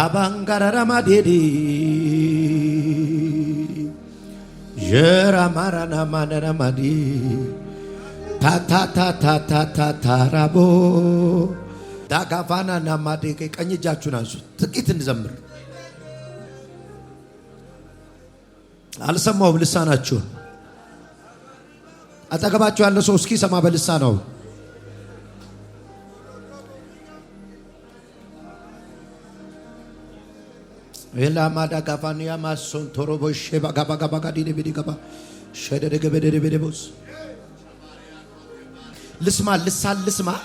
abangararamadidi jeramararamanaramadi ta ta ta ta ta ta tarabo ዳጋፋና ናማዴ ቀኝ እጃችሁን አንሱ። ጥቂት እንዘምር። አልሰማውም ልሳናችሁን። አጠገባችሁ ያለ ሰው እስኪ ሰማ ነው። Elamada gavaniya masun torobo şeba gaba gaba gadini biri gaba. Şedere gebedere biri buz. Lisma lısal lisma.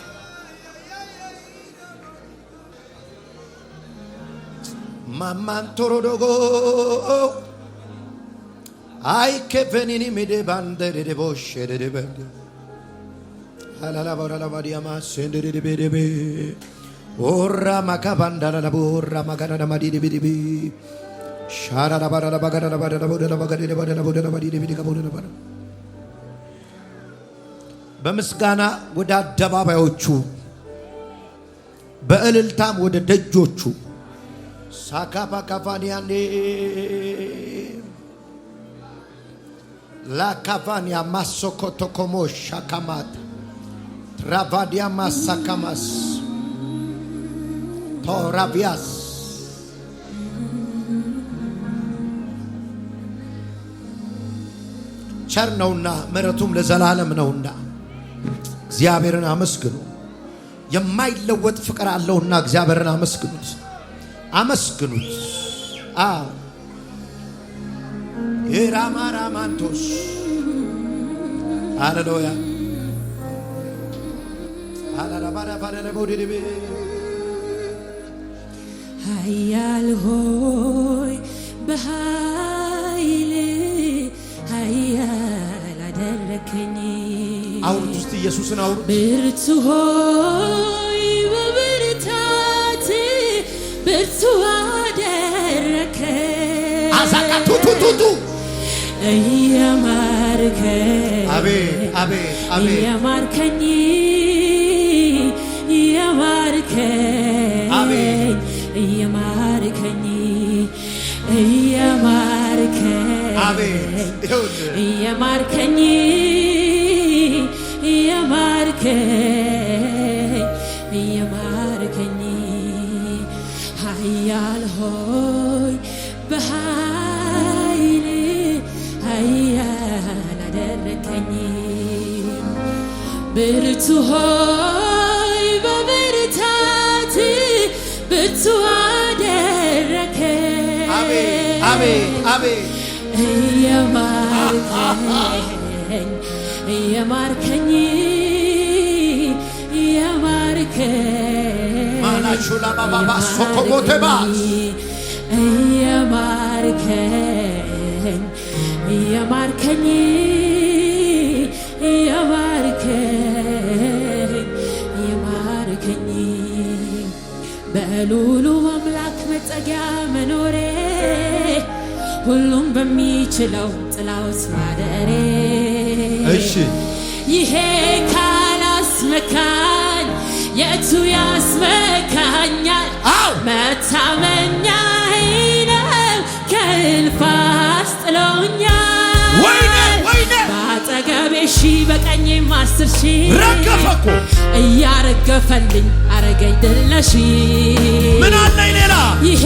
Maman torodogo. Ay kefenini mi de bandere de boş de bende. Halala varala variyama sendere de de biri biri. Ora makabanda na bura magana na madidi bidi bi. Shara na bara na bagana na bara na buda na bagana na bara na buda na madidi bidi kabuda na bara በምስጋና ወደ አደባባዮቹ በእልልታም ወደ ደጆቹ ሳካፓካፋኒያኔ ላካፋኒያ ማሶኮቶኮሞ ሻካማት ትራቫዲያ ማሳካማስ Torabias. ቸር ነውና ምሕረቱም ለዘላለም ነውና እግዚአብሔርን አመስግኑ። የማይለወጥ ፍቅር አለውና እግዚአብሔርን አመስግኑት፣ አመስግኑት። የራማ ራማንቶስ ሃሌሉያ ኃያል ሆይ በኃይል ኃያል አደረከኝ። አውሩት ውስጥ ኢየሱስን አውሩት። ብርቱ ሆይ በብርታት ብርቱ አደረከ አዛቃቱቱቱቱ እየማርከ አቤ አቤ እየማርከኝ እየማርከ አቤ እየማርከኝ እየማርከኝ እየማርከኝ እየማርከኝ ኃያል ሆይ በኃይል ኃያል አደረከኝ ብርቱ ሆይ የማርከኝ የማርከኝ የማርከኝ ማናችሁ ለማባባ ሶኮቦቴባ የማርከኝ የማርከኝ የማርከኝ የማርከኝ በሉሉ አምላክ መጠጊያ መኖሬ ሁሉም በሚችለው ጥላውት ማደሬ እሺ ይሄ ካላስመካኝ የቱ ያስመካኛል? መታመኛ ሂነም ከእልፋስ ጥሎኛል። በአጠገቤ ሺህ በቀኝም አስር ሺህ ረገፈኩ እያረገፈልኝ አረገኝ ድለሺ ምን አለኝ ሌላ ይሄ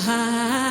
high. Uh-huh.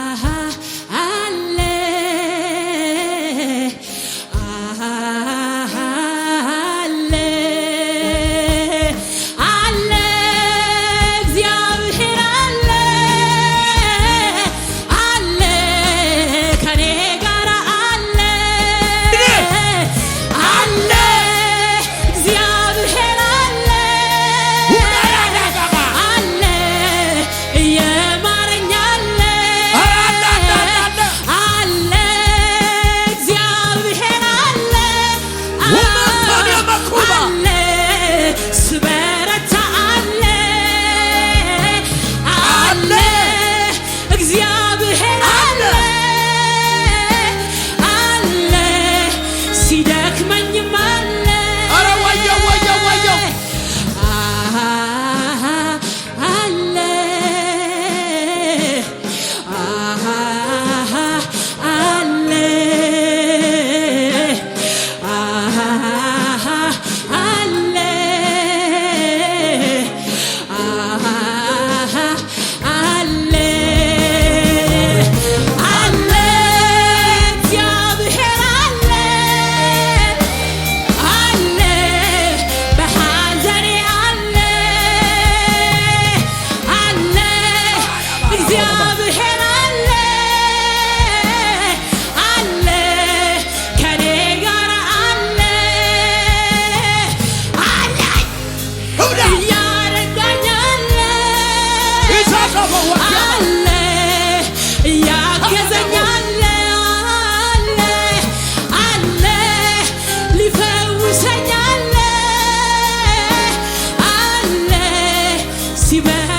Se tiver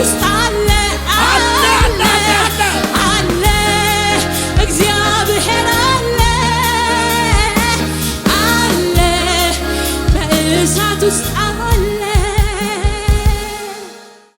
you stop?